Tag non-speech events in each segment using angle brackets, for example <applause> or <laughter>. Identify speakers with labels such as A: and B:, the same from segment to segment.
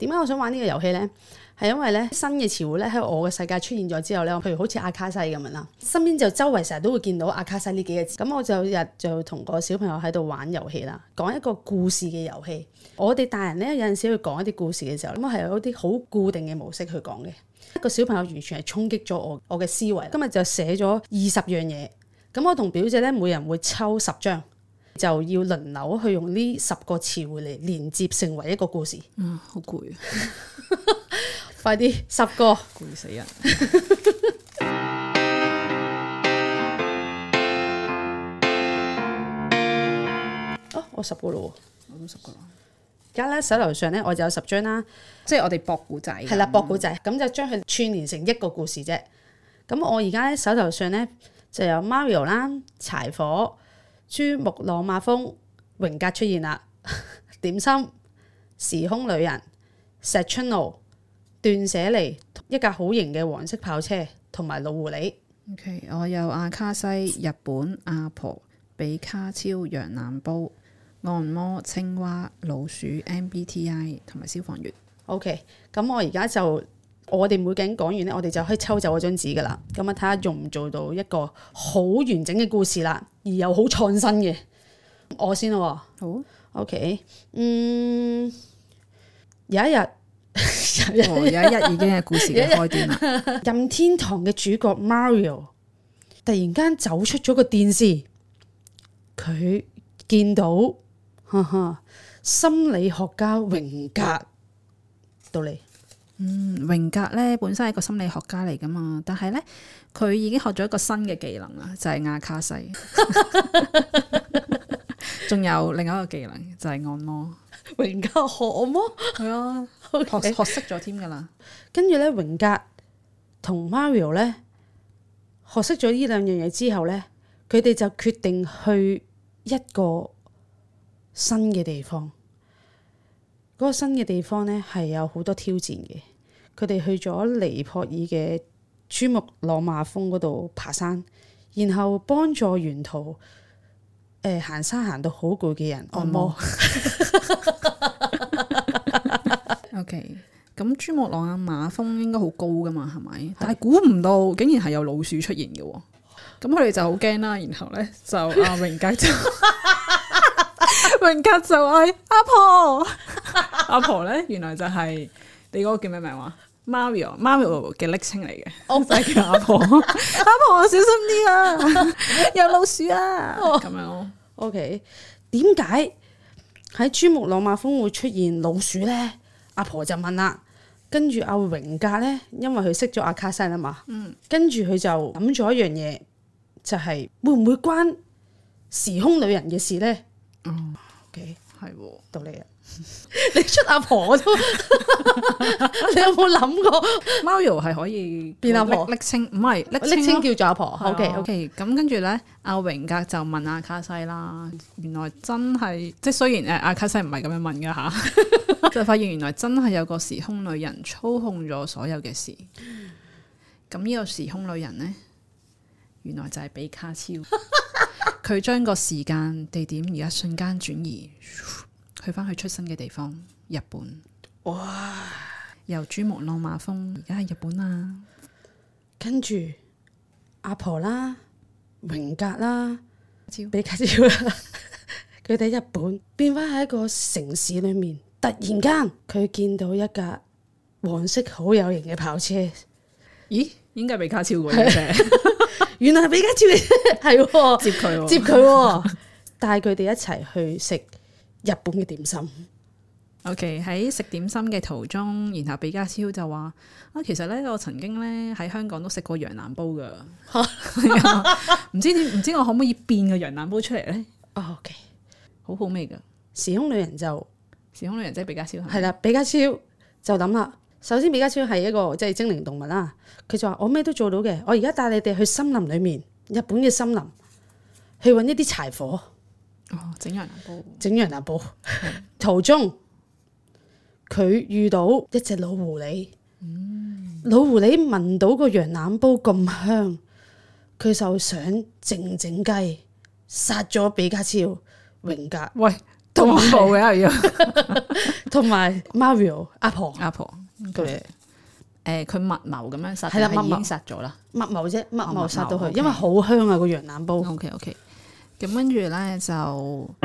A: 點解我想玩呢個遊戲呢？係因為呢，新嘅詞彙呢，喺我嘅世界出現咗之後呢，譬如好似阿卡西咁樣啦，身邊就周圍成日都會見到阿卡西呢幾個字。咁我就日就同個小朋友喺度玩遊戲啦，講一個故事嘅遊戲。我哋大人呢，有陣時去講一啲故事嘅時候，咁係有啲好固定嘅模式去講嘅。一個小朋友完全係衝擊咗我我嘅思維。今日就寫咗二十樣嘢。咁我同表姐呢，每人會抽十張。就要輪流去用呢十個詞彙嚟，連接成為一個故事。嗯，好攰， <laughs> 快啲，十個，攰死人
B: <laughs> 、
A: 哦。我十個啦，我
B: 都十個啦。
A: 而家咧手頭上咧我就有十張啦，即係我哋博古仔，係啦博古仔，咁、嗯、就將佢串連成一個故事啫。咁我而家咧手頭上咧就有 Mario 啦，柴火。珠穆朗瑪峰，榮格出現啦， <laughs> 點心，時空旅人，石春街，
B: 斷捨離，一架好型嘅黃色跑車，同埋老狐狸。OK，我有阿卡西，日本阿婆，比卡超，羊腩煲，按摩，青蛙，老鼠 MBTI，同埋消防員。OK，咁我而家
A: 就。我哋每個人講完咧，我哋就可以抽走嗰張紙噶啦。咁啊，睇下用唔做到一個好完整嘅故事啦，而又好創新嘅。我先咯，好 OK，嗯，有一日， <laughs> 哦、有一日已經係故事嘅開端啦。一 <laughs> 任天堂嘅主角 Mario 突然間走出咗個電視，佢見到，哈
B: 哈，心理學家榮格到你。嗯，榮格咧本身係個心理學家嚟噶嘛，但係咧佢已經學咗一個新嘅技能啦，就係、是、阿卡西，仲 <laughs> <laughs> 有另外一個技能就係、是、按摩。榮格學按摩，係啊，Okay 學學識咗添噶啦。
A: 跟住咧，榮格同 Mario 咧學識咗呢兩樣嘢之後咧，佢哋就決定去一個新嘅地方。嗰、那個新嘅地方咧係有好多挑戰嘅。佢哋去咗尼泊爾嘅珠穆朗瑪峰嗰度爬山，然後幫助沿途誒、呃、行山行到好攰嘅人按摩。
B: OK，咁珠穆朗瑪峰應該好高噶嘛，係咪？但係估唔到竟然係有老鼠出現嘅，咁佢哋就好驚啦。然後呢，就阿榮格，啊、榮就榮格 <laughs> 就嗌阿婆， <laughs> 阿婆呢，原來就係、是、你嗰個叫咩名話？Mario，Mario 嘅昵稱嚟嘅，Mario, Mario oh. 我屋仔叫阿婆，阿婆小心啲啊，
A: <laughs> 有老鼠啊，咁、oh. 樣 Come on.，OK，點解喺珠穆朗瑪峰會出現老鼠咧？阿婆就問啦，跟住阿榮格咧，因為佢識咗阿卡西啦嘛，嗯，跟住佢就諗咗一樣嘢，就係、是、會唔會關時空旅人嘅事咧？
B: 嗯 OK 係喎，到你喇。Okay. <laughs> 你出阿婆都， <laughs> 你有冇諗過 Mario 係可以變阿婆，拎清唔係拎拎清叫做阿婆。O K O K，咁跟住呢，阿榮格就問阿卡西啦，原來真係，即係雖然誒，阿、啊、卡西唔係咁樣問噶吓，啊、 <laughs> <laughs> 就發現原來真係有個時空女人操控咗所有嘅事。咁呢 <laughs> 個時空女人呢，原來就係比卡超，佢將個時間地點而家瞬間轉移。去翻佢出生嘅地方，日本。哇！由珠穆朗瑪峰而家係日本啊！跟住阿婆啦、
A: 榮格啦、招比卡超啦，佢哋喺日本變翻喺一個城市裏面。突然間，佢見到一架黃色好有型嘅跑車。咦？應該係比卡超嗰隻的， <laughs> <laughs> 原來比卡
B: 超係、 <laughs> 哦、接佢、哦， <laughs> 接佢
A: 帶佢哋一齊去食。
B: 日本嘅點心，OK 喺食點心嘅途中，然後比卡超就話啊，其實咧我曾經咧喺香港都食過羊腩煲噶，唔 <laughs> <laughs> 知唔知我可唔可以變個羊腩煲出嚟咧？OK，好好味噶。時空旅人就時空旅人即係比卡超，係啦，比卡超就諗啦。首先，比卡超
A: 係一個即係、就是、精靈動物啦，佢就話我咩都做到嘅，我而家帶你哋去森林裏面，日本嘅森林去搵一啲柴火。哦，整羊腩煲，整羊腩煲，途中佢遇到一隻老狐狸，老狐狸聞到個羊腩煲咁香，佢就想靜靜雞，殺咗比卡超、榮格，喂，都恐怖
B: 嘅阿瑤，同埋 Mario 阿婆，阿婆佢，誒，佢密謀咁樣殺，係啦，已經殺咗啦，
A: 密謀啫，密謀殺到佢，因為好香
B: 啊，個羊腩煲。OK OK。咁跟住咧就，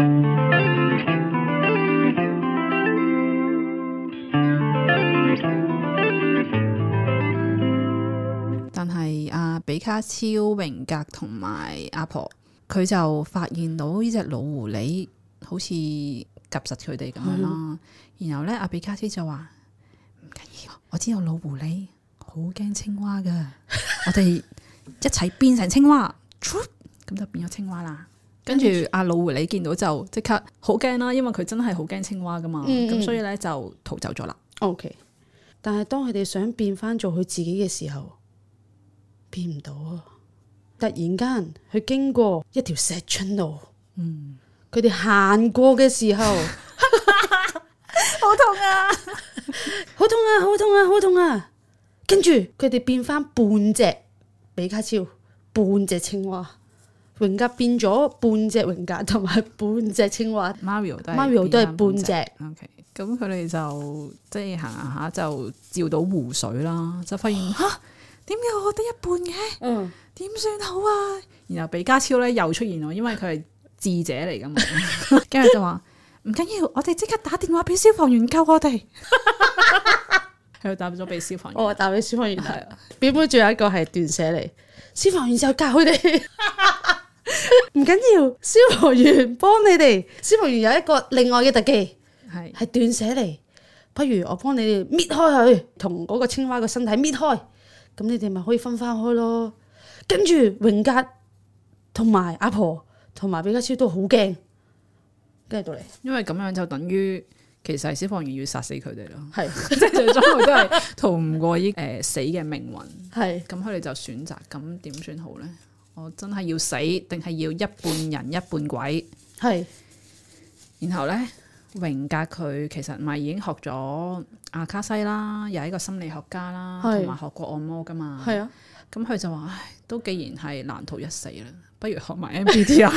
B: 但係阿比卡超榮格同埋阿婆，佢就發現到呢隻老狐狸好似夾實佢哋咁樣咯。嗯、然後咧阿比卡超就話唔緊要，我知道老狐狸好驚青蛙噶， <laughs> 我哋一齊變成青蛙，咁 <laughs> 就變咗青蛙啦。跟住阿老狐狸見到就即刻好驚啦，因為佢真係好驚青蛙噶嘛，咁、嗯嗯、所以咧就逃走咗啦。
A: O、okay. K，但係當佢哋想變翻做佢自己嘅時候，變唔到啊！突然間佢經過一條石春路，嗯，佢哋行過嘅時候，好痛啊！好痛啊！好痛啊！好痛啊！跟住佢哋變翻半隻比卡超，半隻青蛙。榮格變咗半隻榮格同埋半隻青蛙，Mario 都係半隻。
B: OK，咁佢哋就即係行行下就照到湖水啦，就發現吓點解我得一半嘅？嗯，點算好啊？然後比卡超咧又出現喎，因為佢係智者嚟噶嘛，跟住就話唔緊要，我哋即刻打電話俾消防員救我哋。佢打咗俾消防員，
A: 哦，打俾消防員。係啊表妹，仲有一個係斷捨離嚟，消防員就教佢哋。唔緊要，消防員幫你哋。消防員有一個另外嘅特技，係係斷捨離。不如我幫你哋搣開佢，同嗰個青蛙嘅身體搣開，咁你哋咪可以分返開咯。跟住榮格同埋阿婆同埋比卡超都好驚，
B: 跟住到嚟，因為咁樣就等於其實消防員要殺死佢哋咯。係即係最終都係逃唔過呢誒死嘅命運。係咁，佢哋就選擇咁點算好咧？我真係要死，定係要一半人一半鬼？係是。然後呢，榮格佢其實唔係已經學咗阿卡西啦，又係一個心理學家啦，同埋是學過按摩噶嘛。係啊。咁佢就話，唉，都既然係難逃一死啦，不如學埋 MBTI 啊。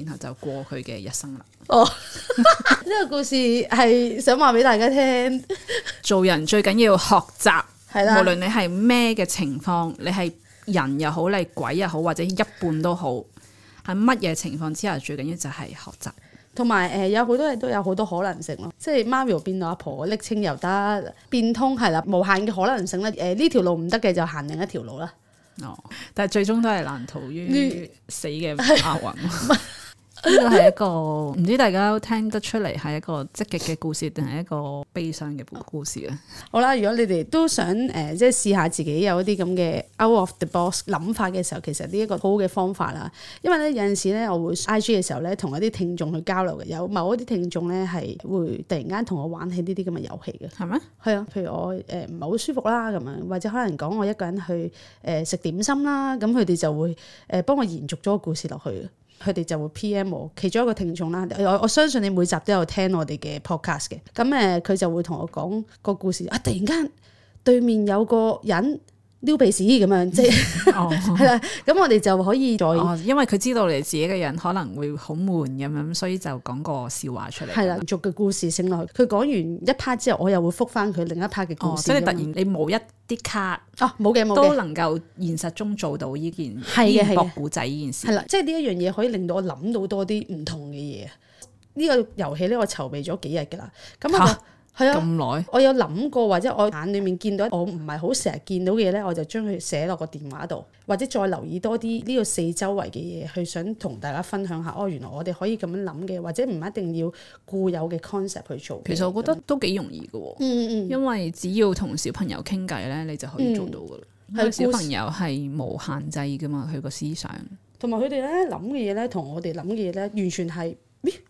B: <laughs> <laughs> 然後就過佢嘅一生啦。
A: <laughs> 哦，呢 <laughs> 個故事係想話俾大家聽，
B: <laughs> 做人最緊要學習，的無論你係咩嘅情況，你係。人又好，例如鬼又好，或者一半都好，喺乜嘢情況之下最緊要就係學習，同埋
A: 誒有好、呃、多嘢都有好多可能性咯。即係 Mario 變到阿婆，拎清又得，變通係啦，無限嘅可能性咧。誒、呃、呢條路唔得嘅就行另一條路啦。
B: 哦，但係最終都係難逃於死嘅厄運。你 <laughs> <laughs> 呢個係一個唔知大家都聽得出嚟，係一個積極嘅故事，定係一個悲傷嘅故事啊？ <laughs> 好啦，如
A: 果你哋都想誒、呃，即係試下自己有一啲咁嘅 Out of the Box 諗法嘅時候，其實呢一個好嘅方法啦。因為咧有陣時咧，我會 I G 嘅時候咧，同一啲聽眾去交流嘅，有某啲聽眾咧係會突然間同我玩起呢啲咁嘅遊戲嘅。係咩嗎？係啊，譬如我誒唔係好舒服啦咁樣，或者可能講我一個人去誒、呃、食點心啦，咁佢哋就會誒幫、呃、我延續咗個故事落去。佢哋就會 PM 我，其中一個聽眾啦，我我相信你每集都有聽我哋嘅 podcast 嘅，噉誒佢就會同我講個故事，啊，突然間對面有個人。丟鼻屎咁樣，即係係啦。咁、 <laughs> 哦、 <laughs> 我
B: 哋就可以再，哦、因為佢知道你自己嘅人可能會好悶咁樣，所以就講個笑話出嚟。係啦、嗯，
A: 續嘅樣故事上升落去。佢講完一 part 之後，我又會復翻佢另一 part 嘅故事。哦、所以突然你
B: 冇一啲卡哦，冇嘅冇嘅，都能夠現實中做到呢件，係啊係啊，古仔呢件事。係啦，即
A: 係呢一樣嘢可以令到我諗到多啲唔同嘅嘢。呢、這個遊戲呢，我籌備咗幾日噶啦。咁啊。係啊，咁耐對，我有諗過，或者我眼裏面見到我唔係好成日見到嘅嘢咧，我就將佢寫落個電話度，或者再留意多啲呢個四周圍嘅嘢，去想同大家分享下。哦，原來我哋可以咁樣諗嘅，或者唔一定要固有嘅 concept 去做。其實我覺得都幾容易噶，
B: 嗯嗯，因為只要同小朋友傾偈咧，你就可以做到噶啦。
A: 係、嗯、小朋友
B: 係無限制噶嘛，佢個思想，
A: 同埋佢哋咧諗嘅嘢咧，同我哋諗嘅嘢咧，完全係。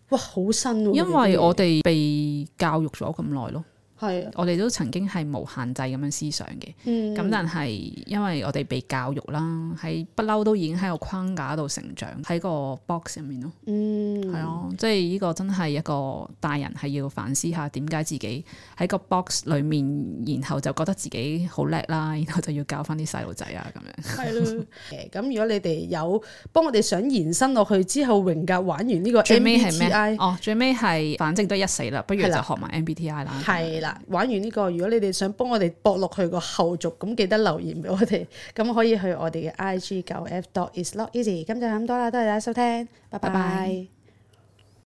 A: 哇！好新喎，啊，因為我哋
B: 被教育咗咁耐咯。啊、我哋都曾經係無限制咁樣思想嘅，咁、嗯、但係因為我哋被教育啦，喺不嬲都已經喺個框架度成長，喺個 box 入面咯，嗯，係咯、啊，即係呢個真係一個大人係要反思下點解自己喺個 box 裏面，然後就覺得自己好叻啦，然後就要教翻啲細路仔啊咁樣，係
A: 咯的，咁 <laughs> 如果你哋有幫我哋想延伸落去之後，榮格玩完呢個、MBTI, 最尾係咩？
B: 哦，最尾係反正都一死啦，不如就學埋 MBTI 啦，係啦。玩完呢個，如果你哋想幫
A: 我哋駁落去個後續，咁記得留言俾我哋，咁可以去我哋嘅 I G 九 F dot is not easy。今日就咁多啦，多謝大家收聽，拜拜。拜拜。